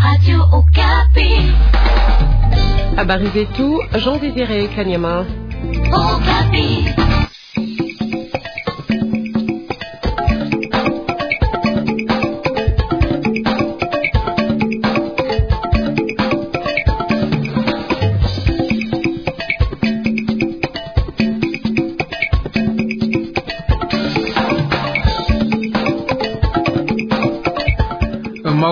Radio Okapi. Habari zetu Jean Désiré Kanyama. Okapi.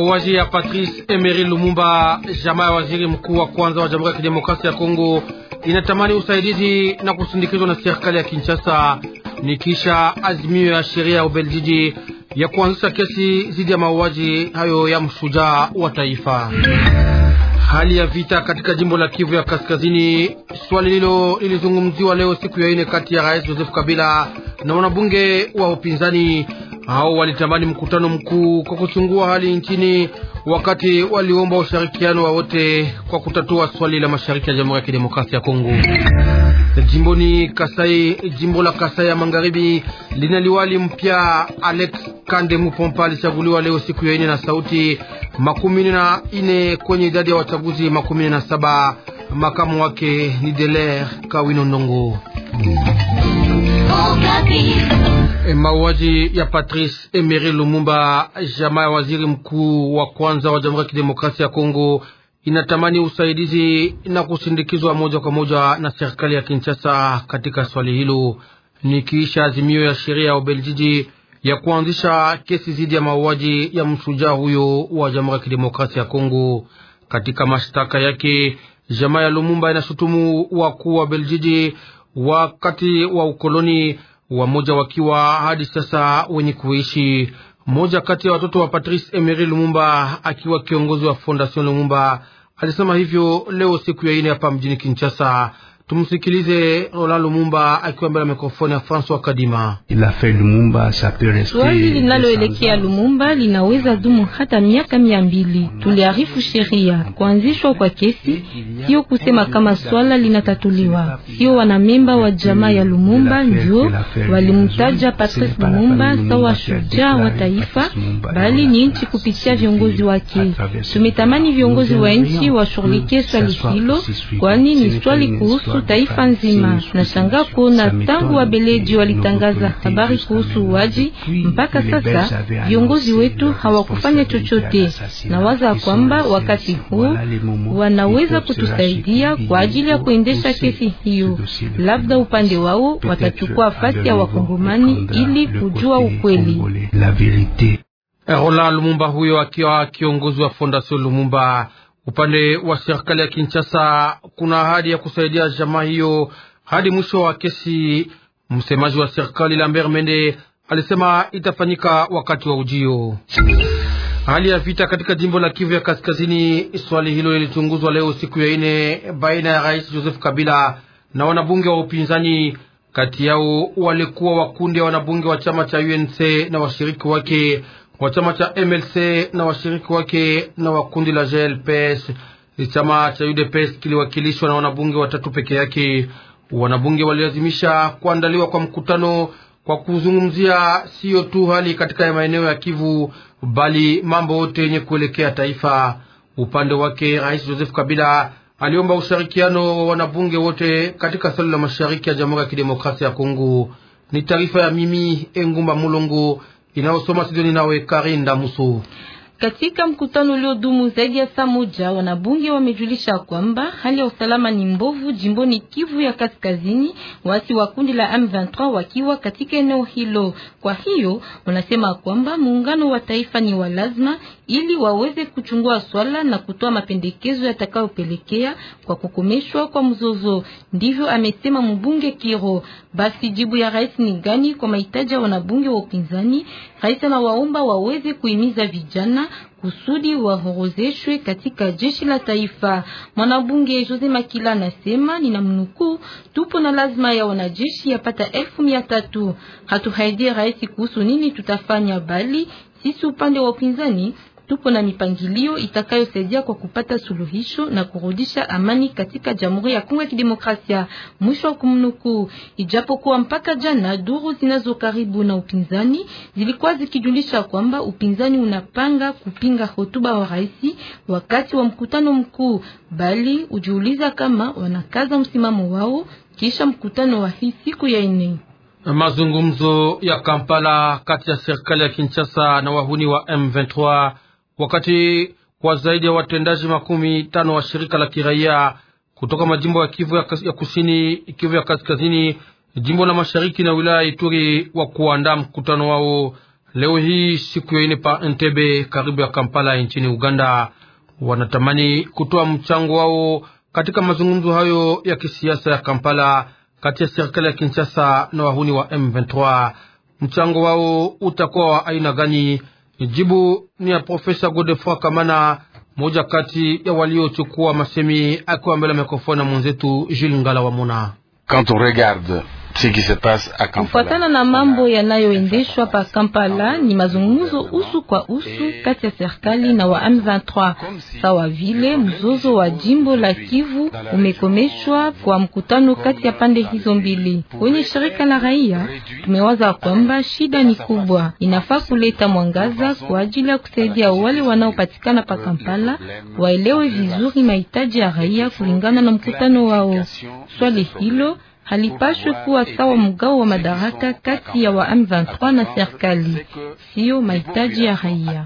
mauaji ya Patrice Emery Lumumba, jamaa ya waziri mkuu wa kwanza wa Jamhuri ya Kidemokrasia ya Kongo inatamani usaidizi na kusindikizwa na serikali ya Kinshasa. Ni kisha azimio ya sheria ya Ubeljiji ya kuanzisha kesi dhidi ya mauaji hayo ya mshujaa wa taifa. Hali ya vita katika jimbo la Kivu ya Kaskazini, swali hilo lilizungumziwa leo siku ya ine kati ya Rais Joseph Kabila na wanabunge wa upinzani hao walitamani mkutano mkuu kwa kuchungua hali nchini, wakati waliomba ushirikiano wa wote kwa kutatua swali la mashariki ya Jamhuri ya Kidemokrasia ya Kongo. Jimboni Kasai, jimbo la Kasai ya Magharibi lina liwali mpya. Alex Kande Mupompa alichaguliwa leo siku ya ine na sauti makumi na ine kwenye idadi ya wachaguzi makumi na saba. Makamu wake ni Deler Kawino Ndongo. Mauaji ya Patrice Emery Lumumba, jamaa ya waziri mkuu wa kwanza wa Jamhuri ya Kidemokrasia ya Kongo, inatamani usaidizi na kusindikizwa moja kwa moja na serikali ya Kinshasa katika swali hilo, nikiisha azimio ya sheria ya Ubeljiji ya kuanzisha kesi dhidi ya mauaji ya mshujaa huyo wa Jamhuri ya Kidemokrasia ya Kongo. Katika mashtaka yake, jamaa ya Lumumba inashutumu wakuu wa Beljiji wakati wa ukoloni wamoja wakiwa hadi sasa wenye kuishi. Mmoja kati ya watoto wa Patrice Emery Lumumba akiwa kiongozi wa Fondation Lumumba alisema hivyo leo siku ya ine hapa mjini Kinshasa Tumsikilize Roland Lumumba akiwa mbele ya mikrofoni ya Francois Kadima. Swali linaloelekea Lumumba linaweza dumu hata miaka mia mbili. Tuliarifu sheria kuanzishwa kwa kesi, sio kusema kama swala linatatuliwa. Sio wanamemba wa jamaa ya Lumumba ndio walimtaja Patrice Lumumba sawa shujaa wa taifa, bali ni nchi kupitia viongozi wake. Tumetamani viongozi wa nchi washughulikie swali hilo, kwani ni swali kuhusu kuhusu taifa nzima. Nashangaa kuona tangu wabeleji walitangaza habari kuhusu uwaji mpaka sasa viongozi wetu hawakufanya chochote. Nawaza kwamba wakati huu wanaweza kutusaidia kwa ajili ya kuendesha kesi hiyo, labda upande wao watachukua fasi ya wakongomani ili kujua ukweli. Roland Lumumba huyo akiwa kiongozi wa Fondation Lumumba Upande wa serikali ya Kinshasa kuna ahadi ya kusaidia jamaa hiyo hadi mwisho wa kesi. Msemaji wa serikali Lambert Mende alisema itafanyika wakati wa ujio. Hali ya vita katika jimbo la Kivu ya Kaskazini, swali hilo lilichunguzwa leo siku ya ine baina ya Rais Joseph Kabila na wanabunge wa upinzani. Kati yao walikuwa wakundi ya wanabunge wa chama cha UNC na washiriki wake wa chama cha MLC na washiriki wake na wa kundi la GLPS. Chama cha UDPS kiliwakilishwa na wanabunge watatu peke yake. Wanabunge walilazimisha kuandaliwa kwa mkutano kwa kuzungumzia siyo tu hali katika maeneo ya Kivu, bali mambo yote yenye kuelekea taifa. Upande wake Rais Joseph Kabila aliomba ushirikiano wa wanabunge wote katika swali la mashariki ya Jamhuri ya Kidemokrasia ya Kongo. Ni taarifa ya mimi Engumba Mulongo inayosoma studioni nawe Karinda Muso. Katika mkutano uliodumu zaidi ya saa moja, wanabunge wamejulisha kwamba hali ya usalama ni mbovu jimboni Kivu ya Kaskazini, waasi wa kundi la M23 wakiwa katika eneo hilo. Kwa hiyo wanasema kwamba muungano wa taifa ni wa lazima ili waweze kuchungua swala na kutoa mapendekezo yatakayopelekea kwa kukomeshwa kwa mzozo. Ndivyo amesema mbunge Kiro. Basi jibu ya rais ni gani kwa mahitaji ya wanabunge wa upinzani? Rais anawaomba waweze kuhimiza vijana kusudi wahorozeshwe katika jeshi la taifa. Mwanabunge Jose Makila anasema, ninamnukuu, tupo na lazima ya wanajeshi yapata elfu mia tatu. Hatuhaidi rais kuhusu nini tutafanya, bali sisi upande wa upinzani tupo na mipangilio itakayosaidia kwa kupata suluhisho na kurudisha amani katika Jamhuri ya Kongo ya Kidemokrasia, mwisho wa kumnukuu. Ijapokuwa mpaka jana duru zinazo karibu na upinzani zilikuwa zikijulisha kwamba upinzani unapanga kupinga hotuba wa rais wakati wa mkutano mkuu, bali ujiuliza kama wanakaza msimamo wao kisha mkutano wa hii siku ya ine. Mazungumzo ya Kampala kati ya serikali ya Kinshasa na wahuni wa M23 wakati kwa zaidi ya watendaji makumi tano wa shirika la kiraia kutoka majimbo ya Kivu ya Kusini, Kivu ya Kaskazini, jimbo la Mashariki na wilaya Ituri wa kuandaa mkutano wao leo hii siku ya ine pa Entebbe karibu ya Kampala nchini Uganda. Wanatamani kutoa mchango wao katika mazungumzo hayo ya kisiasa ya Kampala kati ya serikali ya Kinshasa na wahuni wa M23. Mchango wao utakuwa wa aina gani? Jibu ni ya Profesa Godefroid Kamana, moja kati ya waliochukua masemi akiwa mbele ya mikrofoni na mwenzetu Jules Ngala Muna. Quand on regarde Kufuatana na mambo yanayoendeshwa pa Kampala ni mazungumzo usu kwa usu kati ya serikali na wa M23. Sawa vile mzozo wa jimbo la Kivu umekomeshwa kwa mkutano kati ya pande hizo mbili. Kwenye shirika la raia tumewaza kwamba shida ni kubwa, inafaa kuleta mwangaza kwa ajili ya kusaidia wale wanaopatikana pa Kampala waelewe vizuri mahitaji ya raia kulingana na mkutano wao. Swali hilo halipashwe kuwa sawa mgao wa madaraka kati ya wa M23 na serikali, siyo mahitaji ya raia.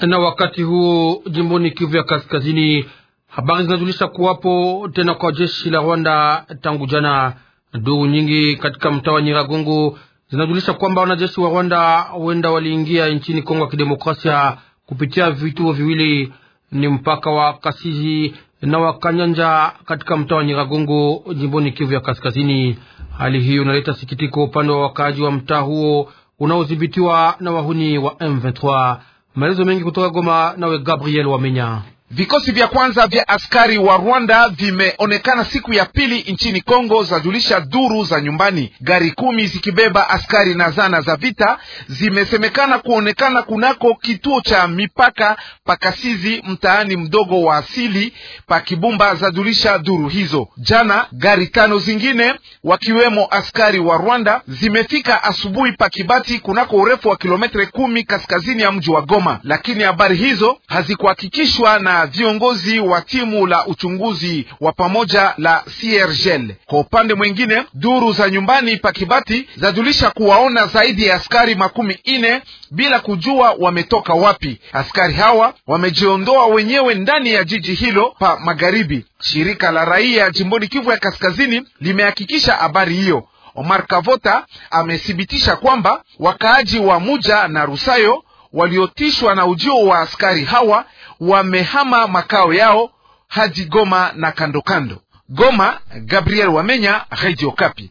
Na wakati huo jimboni Kivu ya Kaskazini, habari zinajulisha kuwapo tena kwa jeshi la Rwanda tangu jana. Ndugu nyingi katika mtaa wa Nyiragongo zinajulisha kwamba wanajeshi wa Rwanda huenda waliingia nchini Kongo ya Kidemokrasia kupitia vituo viwili, ni mpaka wa Kasizi na Wakanyanja katika mtaa wa Nyiragongo jimboni Kivu ya Kaskazini. Hali hiyo inaleta sikitiko upande wa wakaaji wa mtaa huo unaodhibitiwa na wahuni wa M23. Maelezo mengi kutoka Goma, nawe Gabriel Wamenya. Vikosi vya kwanza vya askari wa Rwanda vimeonekana siku ya pili nchini Kongo, zajulisha duru za nyumbani. Gari kumi zikibeba askari na zana za vita zimesemekana kuonekana kunako kituo cha mipaka Pakasizi, mtaani mdogo wa asili pa Kibumba, zajulisha duru hizo. Jana gari tano zingine wakiwemo askari wa Rwanda zimefika asubuhi pa Kibati, kunako urefu wa kilometre kumi kaskazini ya mji wa Goma, lakini habari hizo hazikuhakikishwa na viongozi wa timu la uchunguzi wa pamoja la CIRGL. Kwa upande mwingine, duru za nyumbani pa Kibati zajulisha kuwaona zaidi ya askari makumi ine bila kujua wametoka wapi. Askari hawa wamejiondoa wenyewe ndani ya jiji hilo pa magharibi. Shirika la raia jimboni Kivu ya Kaskazini limehakikisha habari hiyo. Omar Kavota amethibitisha kwamba wakaaji wa Muja na Rusayo waliotishwa na ujio wa askari hawa wamehama makao yao hadi Goma na kandokando kando. Goma, Gabriel Wamenya, Radio Kapi.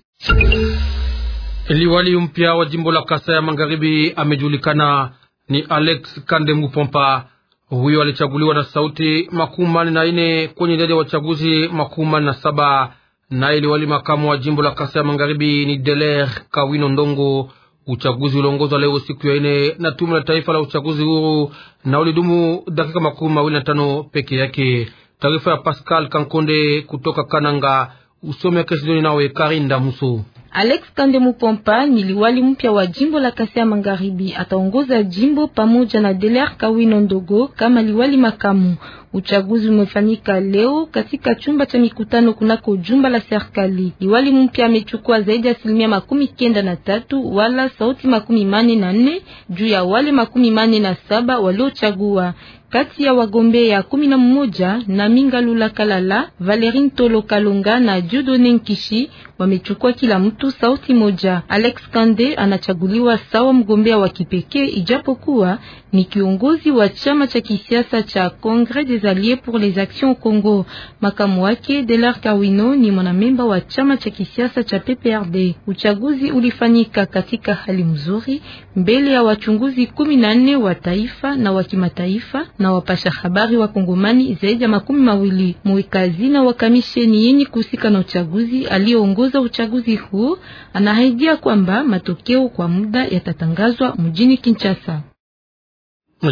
Liwali mpya wa jimbo la Kasa ya Magharibi amejulikana ni Alex Kandemu Pompa. Huyo alichaguliwa na sauti makumi manne na nne kwenye idadi ya wachaguzi makumi manne na saba. Naye liwali makamu wa jimbo la Kasa ya Magharibi ni Deler Kawino Ndongo Uchaguzi uliongozwa leo siku ya ine na tume la taifa la uchaguzi huru na ulidumu dakika makumi mawili na tano peke yake. Taarifa ya Pascal Kankonde kutoka Kananga, usome Kesidoni nawe Karinda Muso. Alex Kande Mupompa ni liwali mpya wa jimbo la Kasai Magharibi, ataongoza jimbo pamoja na deler Kawino Ndogo kama liwali makamu. Uchaguzi umefanyika leo katika chumba cha mikutano kunako jumba la serikali. Liwali mpya amechukua zaidi ya asilimia makumi kenda na tatu wala sauti makumi mane na nne juu ya wale makumi mane na saba waliochagua. Kati ya wagombea kumi na mmoja na Minga Lula Kalala, Valerin Tolo Kalonga na Judone Nkishi wamechukua kila mtu sauti moja. Alex Kande anachaguliwa sawa mgombea wa kipekee, ijapokuwa ni kiongozi wa chama cha kisiasa cha Congrès des Alliés pour les Actions au Congo. Makamu wake Delar Kawino ni mwanamemba wa chama cha kisiasa cha PPRD. Uchaguzi ulifanyika katika hali mzuri mbele ya wachunguzi kumi na nne wa taifa na wa kimataifa na wapasha habari wa Kongomani zaidi ya makumi mawili. Mwikazina na wakamisheni yenye kuhusika na uchaguzi aliyeongoza uchaguzi huu anahaidia kwamba matokeo kwa muda yatatangazwa mjini Kinshasa.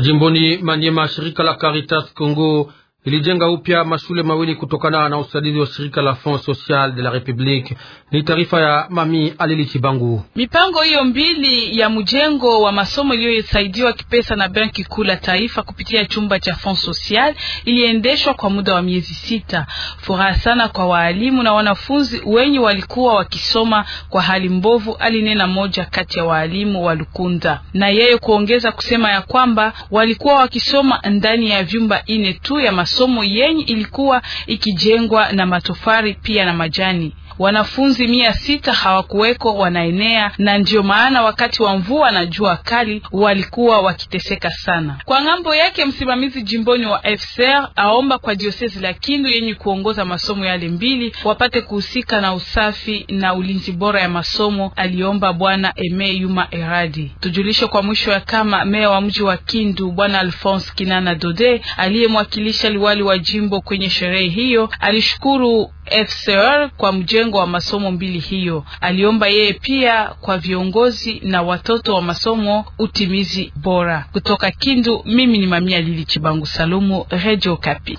Jimboni Manyema, shirika la Caritas Kongo ilijenga upya mashule mawili kutokana na usaidizi wa shirika la Fond Social de la Republique. Ni taarifa ya Mami Alili Chibangu. Mipango hiyo mbili ya mjengo wa masomo iliyosaidiwa kipesa na Benki Kuu la Taifa kupitia chumba cha Fond Social iliendeshwa kwa muda wa miezi sita. Furaha sana kwa waalimu na wanafunzi wenye walikuwa wakisoma kwa hali mbovu, alinena moja kati ya waalimu wa Lukunda, na yeye kuongeza kusema ya kwamba walikuwa wakisoma ndani ya vyumba ine tu ya masomo yenye ilikuwa ikijengwa na matofari pia na majani wanafunzi mia sita hawakuweko wanaenea, na ndiyo maana wakati wa mvua na jua kali walikuwa wakiteseka sana. Kwa ng'ambo yake, msimamizi jimboni wa FCR aomba kwa diosezi la Kindu yenye kuongoza masomo yale mbili wapate kuhusika na usafi na ulinzi bora ya masomo, aliomba bwana Eme Yuma Eradi. Tujulishe kwa mwisho ya kama meya wa mji wa Kindu bwana Alphonse Kinana Dode aliyemwakilisha liwali wa jimbo kwenye sherehe hiyo alishukuru FCR kwa mjengo wa masomo mbili hiyo. Aliomba yeye pia kwa viongozi na watoto wa masomo utimizi bora. Kutoka Kindu, mimi ni Mamia Lili Chibangu Salumu, Radio Kapi.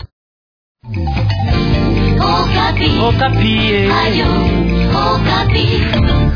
Okapi. Okapi. Ayo, Okapi. Eh.